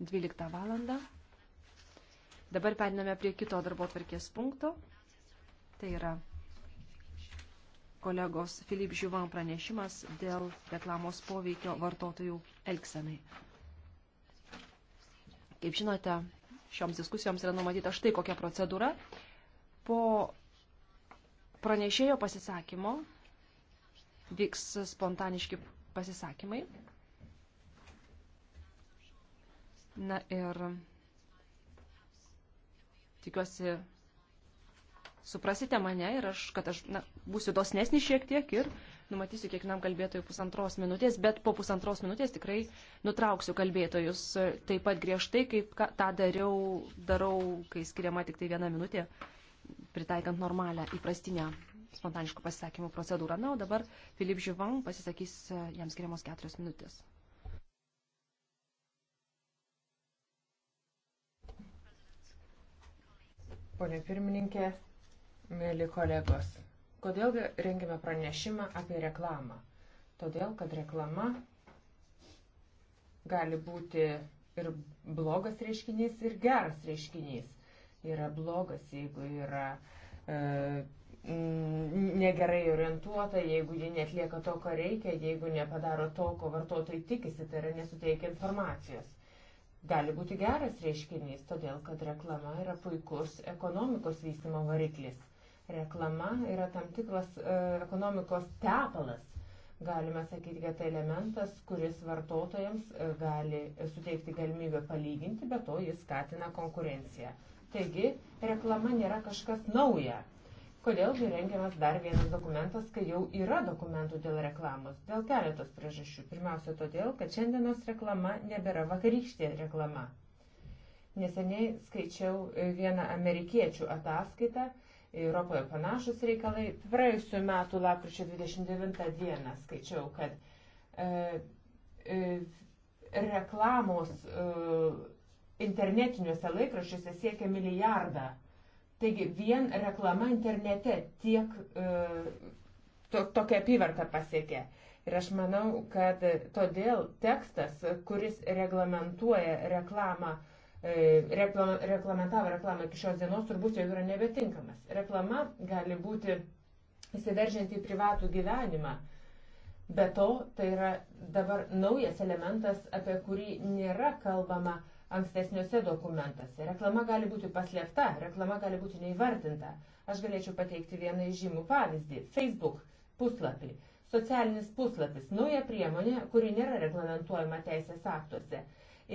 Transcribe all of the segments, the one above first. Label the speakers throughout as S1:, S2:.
S1: 12 valandą. Dabar periname prie kito darbo tvarkės punkto. Tai yra kolegos Filip Žiuvan pranešimas dėl reklamos poveikio vartotojų elgsenai. Kaip žinote, šioms diskusijoms yra numatyta štai kokia procedūra. Po pranešėjo pasisakymo vyks spontaniški pasisakymai. Na ir tikiuosi, suprasite mane ir aš, kad aš na, būsiu dosnesnis šiek tiek ir numatysiu kiekvienam kalbėtojui pusantros minutės, bet po pusantros minutės tikrai nutrauksiu kalbėtojus taip pat griežtai, kaip ką, tą dariau, darau, kai skiriama tik tai viena minutė, pritaikant normalią įprastinę spontaniškų pasisakymų procedūrą. Na, o dabar Filip Živan pasisakys jam skiriamos keturios minutės.
S2: Pone pirmininkė, mėly kolegos, kodėl rengiame pranešimą apie reklamą? Todėl, kad reklama gali būti ir blogas reiškinys, ir geras reiškinys. Yra blogas, jeigu yra e, negerai orientuota, jeigu ji netlieka to, ko reikia, jeigu nepadaro to, ko vartotojai tikisi, tai yra nesuteikia informacijos gali būti geras reiškinys, todėl kad reklama yra puikus ekonomikos vystimo variklis. Reklama yra tam tikras e, ekonomikos tepalas. Galime sakyti, kad tai elementas, kuris vartotojams e, gali suteikti galimybę palyginti, bet to jis skatina konkurenciją. Taigi, reklama nėra kažkas nauja. Kodėlgi rengiamas dar vienas dokumentas, kai jau yra dokumentų dėl reklamos? Dėl keletos priežasčių. Pirmiausia, todėl, kad šiandienos reklama nebėra vakarykštė reklama. Neseniai skaičiau vieną amerikiečių ataskaitą, Europoje panašus reikalai. Praėjusiu metu, lapkričio 29 dieną, skaičiau, kad e, e, reklamos e, internetiniuose laikraščiuose siekia milijardą Taigi vien reklama internete tiek e, to, tokia apyvarta pasiekė. Ir aš manau, kad todėl tekstas, kuris reglamentuoja reklamą, e, reklam, reglamentavo reklamą iki šios dienos, turbūt jau yra nebetinkamas. Reklama gali būti įsiveržianti į privatų gyvenimą. Be to, tai yra dabar naujas elementas, apie kurį nėra kalbama ankstesniuose dokumentuose. Reklama gali būti paslėpta, reklama gali būti neįvardinta. Aš galėčiau pateikti vieną žymų pavyzdį - Facebook puslapį. Socialinis puslapis - nauja priemonė, kuri nėra reglamentuojama teisės aktuose.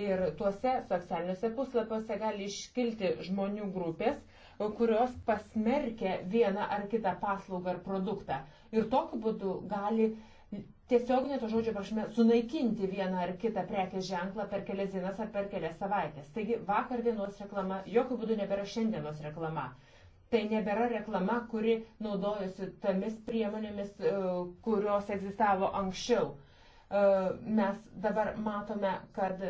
S2: Ir tuose socialiniuose puslapiuose gali iškilti žmonių grupės, kurios pasmerkia vieną ar kitą paslaugą ar produktą. Ir tokiu būdu gali uh, tiesioginė to žodžio prasme sunaikinti vieną ar kitą prekės ženklą per kelias dienas ar per kelias savaitės. Taigi vakar dienos reklama jokių būdų nebėra šiandienos reklama. Tai nebėra reklama, kuri naudojusi tomis priemonėmis, e, kurios egzistavo anksčiau. E, mes dabar matome, kad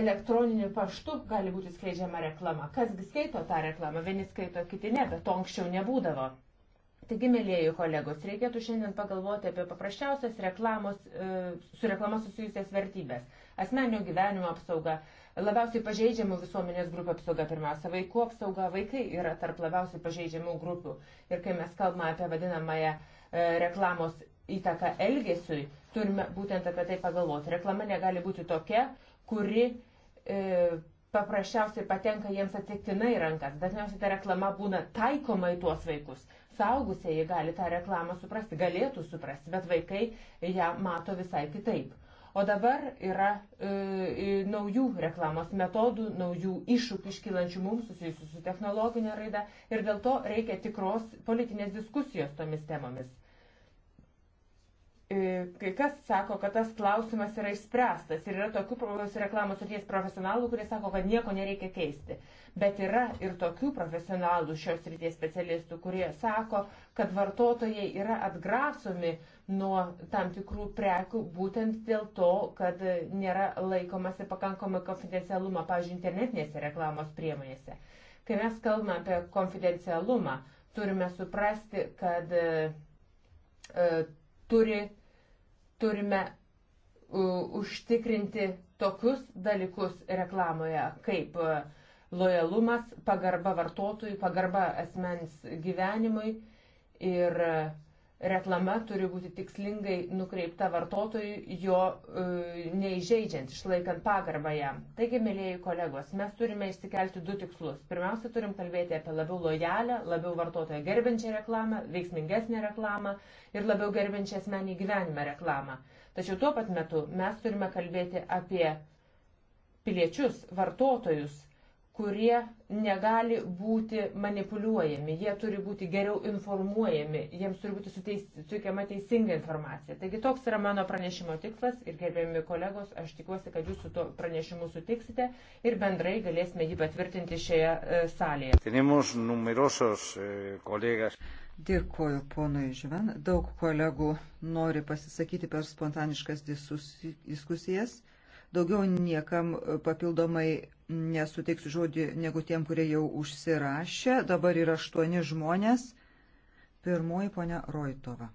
S2: elektroniniu paštu gali būti skleidžiama reklama. Kasgi skaito tą reklamą, vieni skaito, kiti ne, bet to anksčiau nebūdavo. Taigi, mėlėjai kolegos, reikėtų šiandien pagalvoti apie paprasčiausias reklamos, e, su reklamos susijusias vertybės. Asmenio gyvenimo apsauga, labiausiai pažeidžiamų visuomenės grupių apsauga pirmiausia, vaikų apsauga, vaikai yra tarp labiausiai pažeidžiamų grupių. Ir kai mes kalbame apie vadinamąją e, reklamos įtaką elgesiui, turime būtent apie tai pagalvoti. Reklama negali būti tokia, kuri e, paprasčiausiai patenka jiems atsitiktinai rankas. Dažniausiai ta reklama būna taikoma į tuos vaikus. Saugusieji gali tą reklamą suprasti, galėtų suprasti, bet vaikai ją mato visai kitaip. O dabar yra e, e, naujų reklamos metodų, naujų iššūkių iškylančių mums susijusių su technologinė raida ir dėl to reikia tikros politinės diskusijos tomis temomis. Kai kas sako, kad tas klausimas yra išspręstas ir yra tokių reklamos srities profesionalų, kurie sako, kad nieko nereikia keisti. Bet yra ir tokių profesionalų šios srities specialistų, kurie sako, kad vartotojai yra atgrasomi nuo tam tikrų prekių būtent dėl to, kad nėra laikomasi pakankamai konfidencialumą, pavyzdžiui, internetinėse reklamos priemonėse. Kai mes kalbame apie konfidencialumą, turime suprasti, kad e, turi turime užtikrinti tokius dalykus reklamoje, kaip e, lojalumas, pagarba vartotojui, pagarba asmens gyvenimui ir reklama turi būti tikslingai nukreipta vartotojui, jo e, neižeidžiant, išlaikant pagarbą jam. Taigi, mėlyjeji kolegos, mes turime išsikelti du tikslus. Pirmiausia, turim kalbėti apie labiau lojalę, labiau vartotoją gerbinčią reklamą, veiksmingesnę reklamą ir labiau gerbinčią asmenį gyvenimą reklamą. Tačiau tuo pat metu mes turime kalbėti apie piliečius, vartotojus, kurie negali būti manipuliuojami, jie turi būti geriau informuojami, jiems turi būti suteikiama teisinga informacija. Taigi toks yra mano pranešimo tikslas ir gerbėjami kolegos, aš tikiuosi, kad jūs su to pranešimu sutiksite ir bendrai galėsime jį patvirtinti šioje e, salėje.
S3: E, Dėkoju ponui Žven. Daug kolegų nori pasisakyti per spontaniškas diskusijas. Daugiau niekam e, papildomai nesuteiksiu žodį negu tiem, kurie jau užsirašė. Dabar yra aštuoni žmonės. Pirmoji ponia Roitova.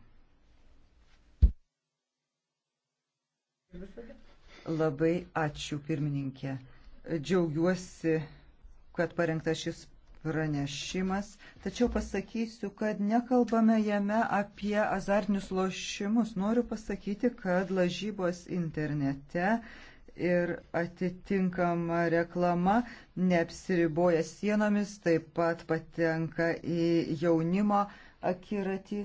S3: Labai ačiū, pirmininkė. Džiaugiuosi, kad parengtas šis pranešimas, tačiau pasakysiu, kad nekalbame jame apie azartinius lošimus. Noriu pasakyti, kad lažybos internete ir atitinkama reklama neapsiriboja sienomis, taip pat patenka į jaunimo akiratį.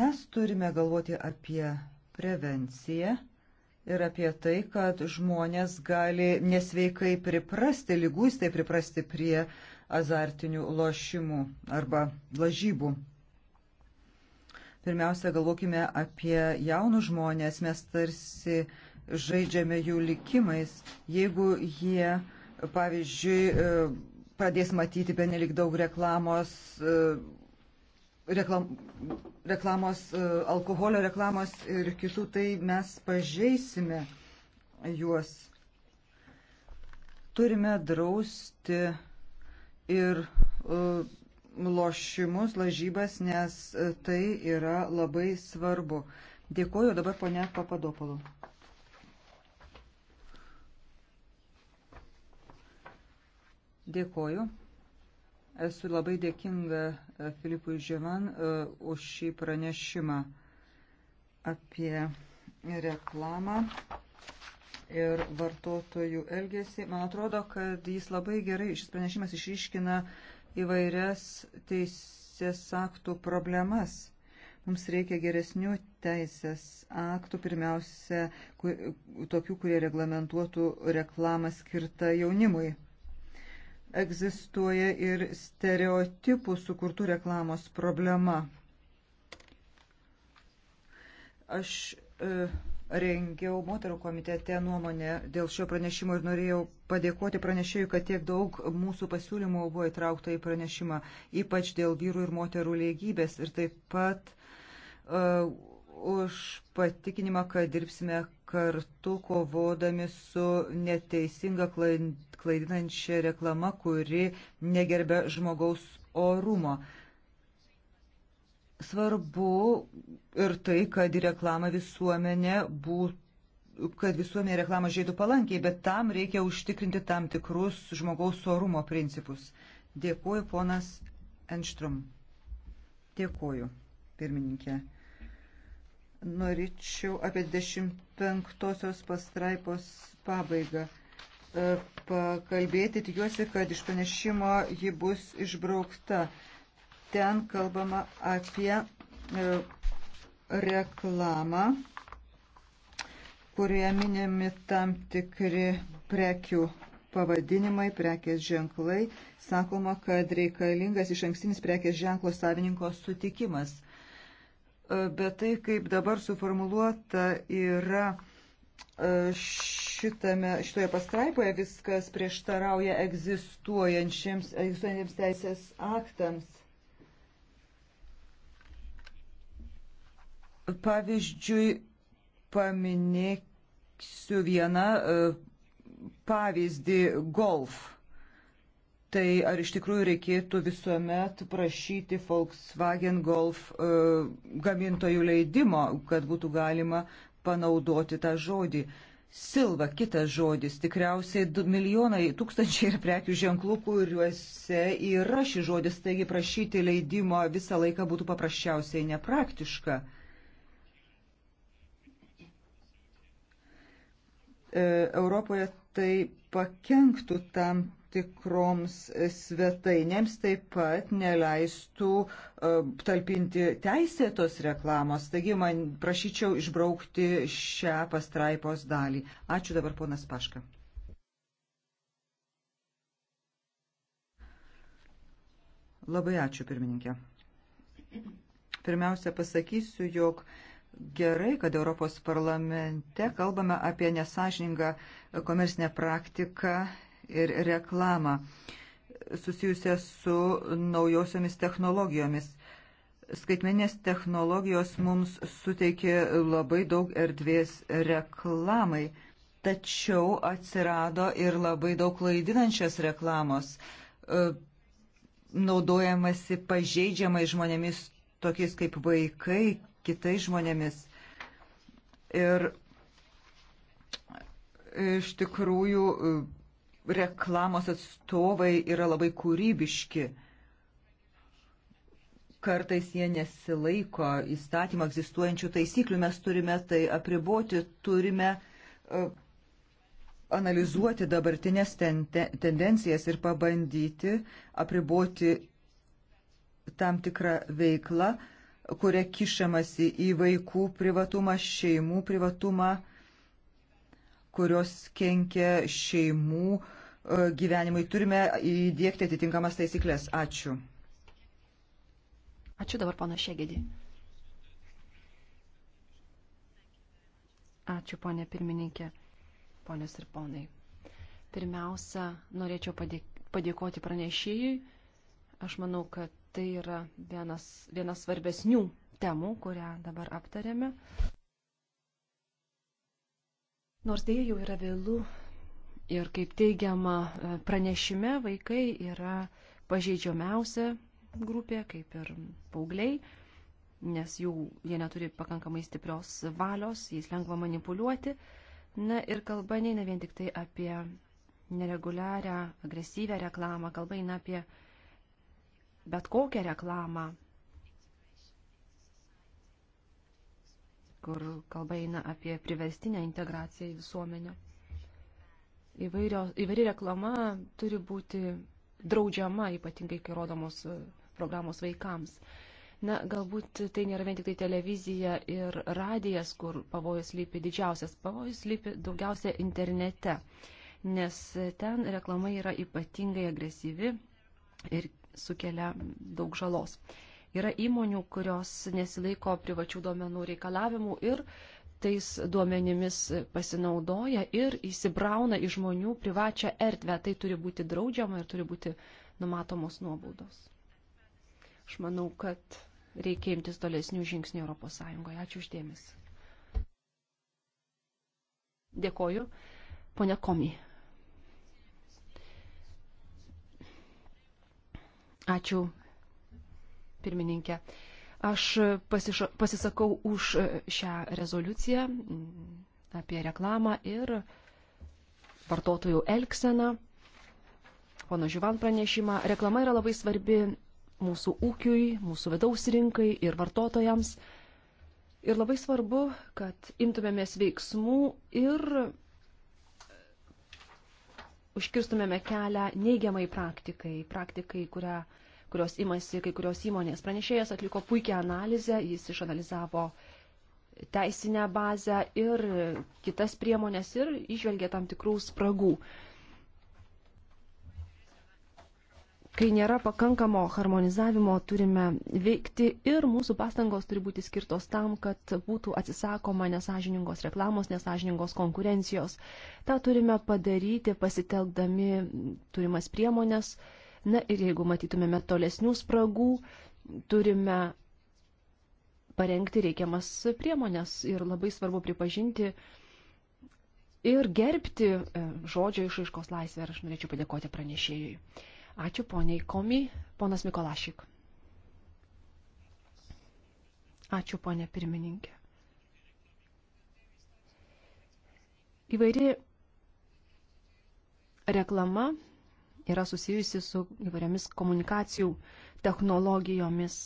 S3: Mes turime galvoti apie prevenciją ir apie tai, kad žmonės gali nesveikai priprasti, lygūstai priprasti prie azartinių lošimų arba lažybų. Pirmiausia, galvokime apie jaunus žmonės, mes tarsi žaidžiame jų likimais. Jeigu jie, pavyzdžiui, e, pradės matyti benelik daug reklamos, e, reklam, reklamos, e, alkoholio reklamos ir kitų, tai mes pažeisime juos. Turime drausti ir uh, lošimus, lažybas, nes e, tai yra labai svarbu. Dėkuoju dabar ponia Papadopolų. Dėkoju. Esu labai dėkinga e, Filipui Žeman e, už šį pranešimą apie reklamą ir vartotojų elgesį. Man atrodo, kad jis labai gerai, šis pranešimas išryškina uh, įvairias teisės aktų problemas. Mums reikia geresnių teisės aktų, pirmiausia, tokių, kurie reglamentuotų reklamą skirtą jaunimui. Egzistuoja ir stereotipų sukurtų reklamos problema. Aš e, rengiau moterų komitete nuomonę dėl šio pranešimo ir norėjau padėkoti pranešėjui, kad tiek daug mūsų pasiūlymų buvo įtraukta į pranešimą, ypač dėl vyrų ir moterų lygybės ir taip pat uh, už patikinimą, kad dirbsime kartu kovodami su neteisinga klaidinančia reklama, kuri negerbia žmogaus orumo. Uh, Svarbu ir tai, kad į reklamą visuomenė būtų kad visuomenė reklamą žiūrėtų palankiai, bet tam reikia užtikrinti tam tikrus žmogaus orumo principus. Dėkuoju, ponas Enštrum. Dėkuoju, pirmininkė. Norėčiau apie 25 pastraipos pabaigą e, pakalbėti. Tikiuosi, kad iš panešimo ji bus išbraukta. Ten kalbama apie e, reklamą, kurioje minimi tam tikri prekių pavadinimai, prekės ženklai. Sakoma, kad reikalingas iš ankstinis prekės ženklo savininko sutikimas. E, bet tai, kaip dabar suformuluota, yra e, šitame, šitoje pastraipoje viskas prieštarauja egzistuojantiems teisės aktams. Pavyzdžiui, paminėsiu vieną e, pavyzdį golf. Tai ar iš tikrųjų reikėtų visuomet prašyti Volkswagen Golf uh, gamintojų leidimo, kad būtų galima panaudoti tą žodį? Silva, kitas žodis, tikriausiai milijonai, tūkstančiai ir prekių ženklų, kuriuose yra šis žodis, taigi prašyti leidimo visą laiką būtų paprasčiausiai nepraktiška. Uh, E, Europoje tai pakenktų tam tikroms svetainėms taip pat neleistų uh, talpinti teisėtos reklamos. Taigi man prašyčiau išbraukti šią pastraipos dalį. Ačiū dabar ponas Paška. Labai ačiū pirmininkė. Pirmiausia pasakysiu, jog uh, gerai, kad Europos parlamente kalbame apie nesažiningą komersinę praktiką ir reklamą susijusią su naujosiomis technologijomis. Skaitmenės technologijos mums suteikė labai daug erdvės reklamai, tačiau atsirado ir labai daug klaidinančios reklamos, e, naudojamasi pažeidžiamais žmonėmis tokiais kaip vaikai, kitais žmonėmis. Ir iš tikrųjų reklamos atstovai yra labai kūrybiški. Kartais jie nesilaiko įstatymą egzistuojančių taisyklių, mes turime tai apriboti, turime e, analizuoti dabartinės ten, tendencijas ir pabandyti apriboti tam tikrą veiklą, kuria kišamasi į vaikų privatumą, šeimų privatumą, kurios kenkia šeimų e, gyvenimui. Turime įdėkti atitinkamas taisyklės. Ačiū.
S1: Ačiū dabar pana Šegedį. Ačiū, ponė pirmininkė, ponės ir ponai. Pirmiausia, norėčiau padėkoti pranešėjui. Aš manau, kad tai yra vienas, vienas svarbesnių temų, kurią dabar aptarėme. Nors dėja jau yra vėlų ir kaip teigiama e, pranešime, vaikai yra pažeidžiamiausia grupė, kaip ir paaugliai, nes jų jie neturi pakankamai stiprios valios, jais lengva manipuliuoti. Na ir kalba neina vien tik tai apie nereguliarią, agresyvę reklamą, kalba eina apie bet kokią reklamą, kur kalba eina apie priverstinę integraciją į visuomenę. Įvairio, įvairi reklama turi būti draudžiama, ypatingai kai rodomos e, programos vaikams. Na, galbūt tai nėra vien tik tai televizija ir radijas, kur pavojus lypi didžiausias, pavojus lypi daugiausia internete, nes ten reklama yra ypatingai agresyvi ir sukelia daug žalos. Yra įmonių, kurios nesilaiko privačių duomenų reikalavimų ir tais duomenimis pasinaudoja ir įsibrauna į žmonių privačią erdvę. Tai turi būti draudžiama ir turi būti numatomos nuobaudos. Aš manau, kad reikia imtis tolesnių žingsnių ES. Ačiū uždėmesi. Dėkoju. Pone Komi. Ačiū, pirmininkė. Aš pasiša, pasisakau už e, šią rezoliuciją mm, apie reklamą ir vartotojų elkseną. Pono Živan pranešimą. Reklama yra labai svarbi mūsų ūkiui, mūsų vidaus rinkai ir vartotojams. Ir labai svarbu, kad imtumėmės veiksmų ir užkirstumėme kelią neigiamai praktikai, praktikai, kurią, kurios imasi kai kurios įmonės. Pranešėjas atliko puikią analizę, jis išanalizavo teisinę bazę ir kitas priemonės ir išvelgė tam tikrų spragų. kai nėra pakankamo harmonizavimo, turime veikti ir mūsų pastangos turi būti skirtos tam, kad būtų atsisakoma nesažiningos reklamos, nesažiningos konkurencijos. Ta turime padaryti pasitelkdami turimas priemonės. Na ir jeigu matytumėme tolesnių spragų, turime parengti reikiamas priemonės ir labai svarbu pripažinti, ir gerbti e, žodžio išaiškos laisvę ir aš norėčiau padėkoti pranešėjui. Ačiū poniai Komi, ponas Mikolašik. Ačiū ponė pirmininkė. Įvairi reklama yra susijusi su įvairiomis komunikacijų technologijomis.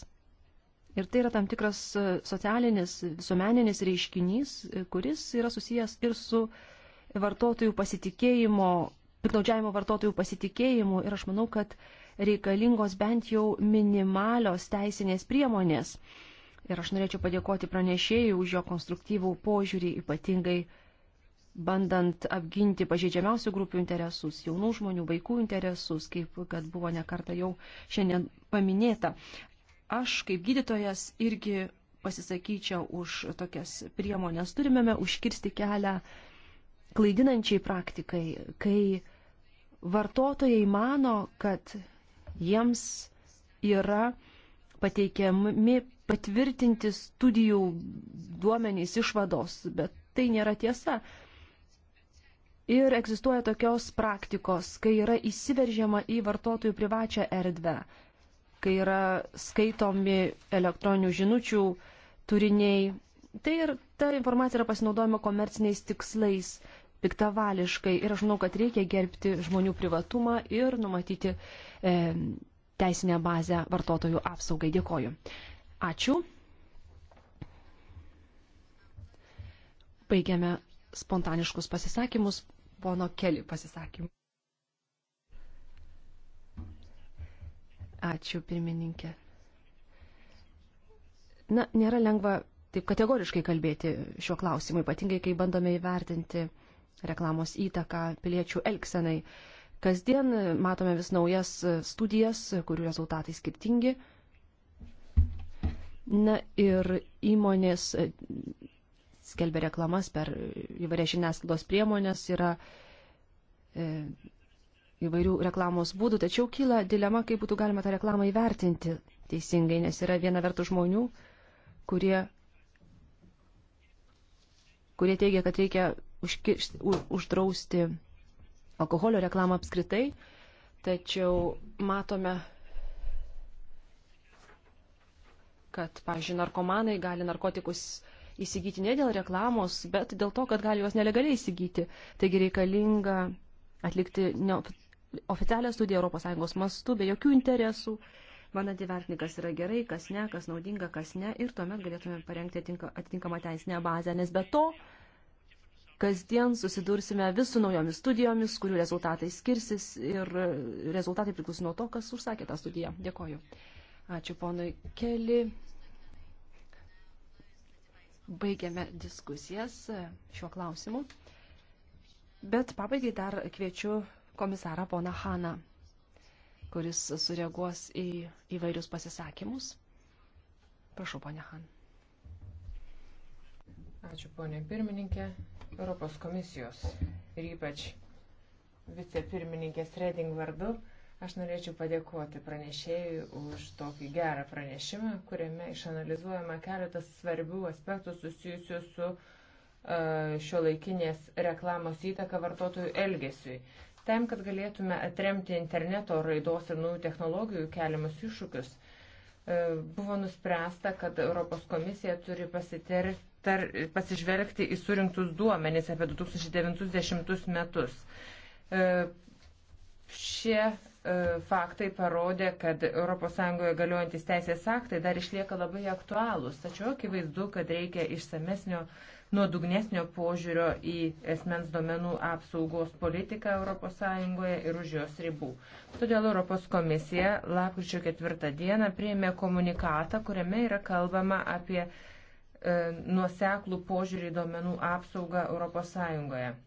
S1: Ir tai yra tam tikras e, socialinis, visuomeninis reiškinys, e, kuris yra susijęs ir su vartotojų pasitikėjimo piknaudžiavimo vartotojų pasitikėjimu ir aš manau, kad reikalingos bent jau minimalios teisinės priemonės. Ir aš norėčiau padėkoti pranešėjui už jo konstruktyvų požiūrį, ypatingai bandant apginti pažeidžiamiausių grupių interesus, jaunų žmonių, vaikų interesus, kaip kad buvo nekarta jau šiandien paminėta. Aš kaip gydytojas irgi pasisakyčiau už tokias priemonės. Turime užkirsti kelią klaidinančiai praktikai, kai vartotojai mano, kad jiems yra pateikiami patvirtinti studijų duomenys išvados, bet tai nėra tiesa. Ir egzistuoja tokios praktikos, kai yra įsiveržiama į vartotojų privačią erdvę, kai yra skaitomi elektroninių žinučių turiniai. Tai ir ta informacija yra pasinaudojama komerciniais tikslais piktavališkai. Ir aš manau, kad reikia gerbti žmonių privatumą ir numatyti e, teisinę bazę vartotojų apsaugai. Dėkoju. Ačiū. Baigiame spontaniškus pasisakymus. Pono Keli pasisakymų. Ačiū, pirmininkė. Na, nėra lengva taip kategoriškai kalbėti šiuo klausimu, ypatingai kai bandome įvertinti reklamos įtaką piliečių elgsenai. Kasdien matome vis naujas studijas, kurių rezultatai skirtingi. Na ir įmonės skelbia reklamas per įvairias žiniasklaidos priemonės, yra e, įvairių reklamos būdų, tačiau kyla dilema, kaip būtų galima tą reklamą įvertinti teisingai, nes yra viena vertus žmonių, kurie, kurie teigia, kad reikia užkišti, uždrausti alkoholio reklamą apskritai, tačiau matome, kad, pažiūrėjau, narkomanai gali narkotikus įsigyti ne dėl reklamos, bet dėl to, kad gali juos nelegaliai įsigyti. Taigi reikalinga atlikti oficialią studiją ES mastu, be jokių interesų, bandant įvertinti, kas yra gerai, kas ne, kas naudinga, kas ne, ir tuomet galėtume parengti atitinkamą teisinę bazę, nes be to kasdien susidursime vis su naujomis studijomis, kurių rezultatai skirsis ir rezultatai priklauso nuo to, kas užsakė tą studiją. Dėkoju. Ačiū ponui Keli. Baigiame diskusijas šiuo klausimu. Bet pabaigai dar kviečiu komisarą poną Haną, kuris sureaguos į įvairius pasisakymus. Prašau, ponia Han.
S2: Ačiū, ponė pirmininkė. Europos komisijos ir ypač vicepirmininkės Reding vardu. Aš norėčiau padėkoti pranešėjui už tokį gerą pranešimą, kuriame išanalizuojama keletas svarbių aspektų susijusių su e, šio laikinės reklamos įtaka vartotojų elgesiui. Tam, kad galėtume atremti interneto raidos ir naujų technologijų keliamus iššūkius, e, buvo nuspręsta, kad Europos komisija turi pasiter, aptar, pasižvelgti į surinktus duomenys apie 2090 metus. E, šie e, faktai parodė, kad ES galiojantis teisės aktai dar išlieka labai aktualūs, tačiau akivaizdu, kad reikia išsamesnio, nuodugnesnio požiūrio į esmens domenų apsaugos politiką ES ir už jos ribų. Todėl ES komisija lapkričio 4 dieną priėmė komunikatą, kuriame yra kalbama apie E, nuoseklų požiūrį į duomenų apsaugą ES.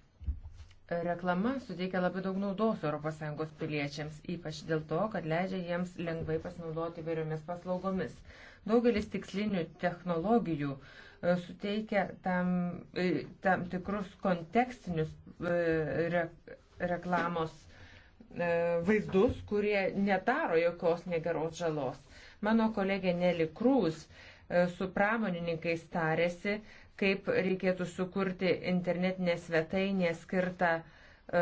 S2: Reklama suteikia labai daug naudos ES piliečiams, ypač dėl to, kad leidžia jiems lengvai pasinaudoti įvairiomis paslaugomis. Daugelis tikslinių technologijų e, suteikia tam, e, tam tikrus kontekstinius re, reklamos vaizdus, kurie nedaro jokios negeros žalos. Mano kolegė Nelly Krūs E, su pramonininkais tarėsi, kaip reikėtų sukurti internetinę svetainę skirtą e,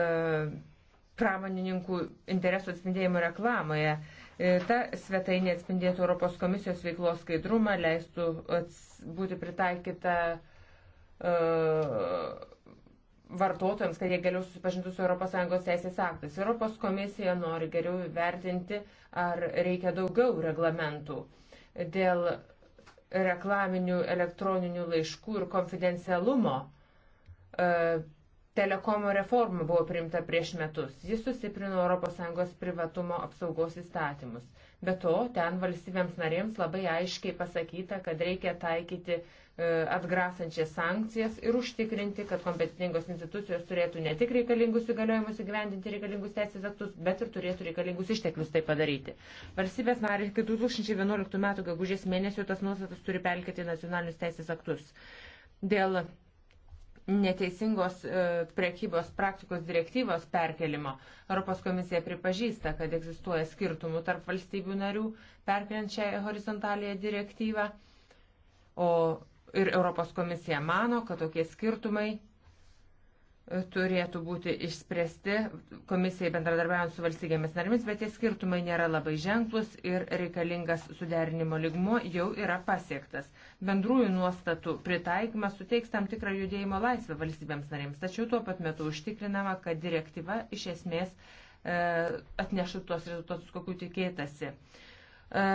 S2: pramonininkų interesų atspindėjimo reklamoje. E, ta svetainė atspindėtų Europos komisijos veiklos skaidrumą, leistų būti pritaikyta vartotojams, kad jie geriau susipažintų su ES teisės aktais. Europos komisija nori geriau vertinti, ar reikia daugiau reglamentų dėl reklaminių elektroninių laiškų ir konfidencialumo e, telekomo reforma buvo priimta prieš metus. Jis sustiprino ES privatumo apsaugos įstatymus. Be to, ten valstybėms narėms labai aiškiai pasakyta, kad reikia taikyti e, atgrasančias sankcijas ir užtikrinti, kad kompetitingos institucijos turėtų ne tik reikalingus įgaliojimus įgyvendinti reikalingus teisės aktus, bet ir turėtų reikalingus išteklius tai padaryti. Valstybės narės iki 2011 m. gegužės mėnesio tas nuostatas turi pelkėti nacionalinius teisės aktus. Dėl neteisingos e, prekybos praktikos direktyvos perkelimo. Europos komisija pripažįsta, kad egzistuoja skirtumų tarp valstybių narių perkeliant šią horizontaliją direktyvą. O ir Europos komisija mano, kad tokie skirtumai turėtų būti išspręsti komisijai bendradarbiaujant su valstybėmis narimis, bet tie skirtumai nėra labai ženklus ir reikalingas suderinimo ligmuo jau yra pasiektas. Bendrųjų nuostatų pritaikymas suteiks tam tikrą judėjimo laisvę valstybėms narims, tačiau tuo pat metu užtikrinama, kad direktyva iš esmės e, atnešų tuos rezultatus, kokiu tikėtasi. E,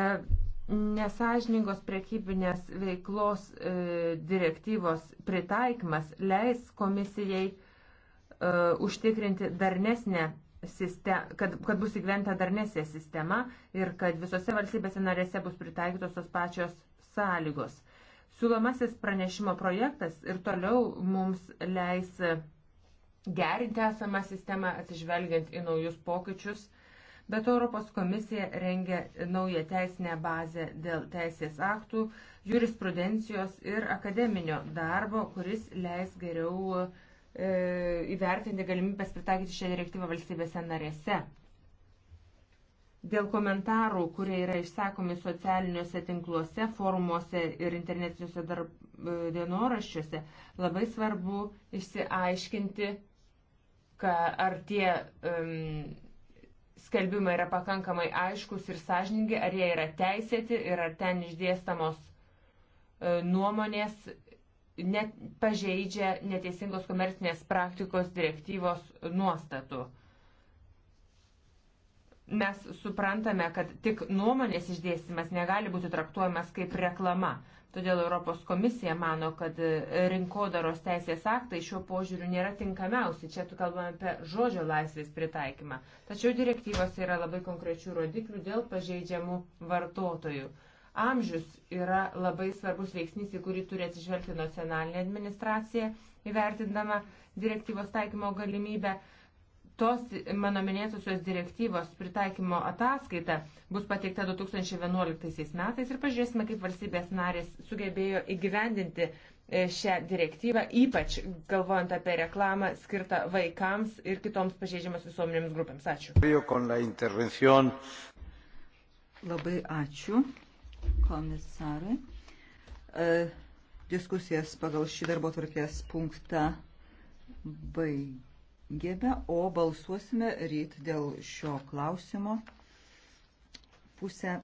S2: Nesažiningos prekybinės veiklos e, direktyvos pritaikymas leis komisijai E, užtikrinti darnesnę sistemą, kad, kad bus įgyventa darnesnė sistema ir kad visose valstybėse narėse bus pritaikytos tos pačios sąlygos. Siūlomasis pranešimo projektas ir toliau mums leis gerinti esamą sistemą atsižvelgiant į naujus pokyčius. Bet Europos komisija rengia naują teisinę bazę dėl teisės aktų, jurisprudencijos ir akademinio darbo, kuris leis geriau uh, E, įvertinti galimybės pritaikyti šią direktyvą valstybėse narėse. Dėl komentarų, kurie yra išsakomi socialiniuose tinkluose, forumuose ir internetiniuose darb, e, dienoraščiuose, labai svarbu išsiaiškinti, ka, ar tie um, skelbimai yra pakankamai aiškus ir sąžiningi, ar jie yra teisėti ir ar ten išdėstamos e, nuomonės net pažeidžia neteisingos komercinės praktikos direktyvos nuostatų. Mes suprantame, kad tik nuomonės išdėstymas negali būti traktuojamas kaip reklama. Todėl Europos komisija mano, kad rinkodaros teisės aktai šiuo požiūriu nėra tinkamiausi. Čia tu kalbame apie žodžio laisvės pritaikymą. Tačiau direktyvos yra labai konkrečių rodiklių dėl pažeidžiamų vartotojų. Amžius yra labai svarbus veiksnys, į kurį turi atsižvelgti nacionalinė administracija, įvertindama direktyvos taikymo galimybę. Tos mano minėtusios direktyvos pritaikymo ataskaita bus pateikta 2011 metais ir pažiūrėsime, kaip valstybės narės sugebėjo įgyvendinti e, šią direktyvą, ypač galvojant apie reklamą skirtą vaikams ir kitoms pažeidžiamas visuomenėms grupėms.
S1: Ačiū.
S3: Labai ačiū komisarui. E, diskusijas pagal šį darbo tvarkės punktą baigėme, o balsuosime ryt dėl šio klausimo pusę.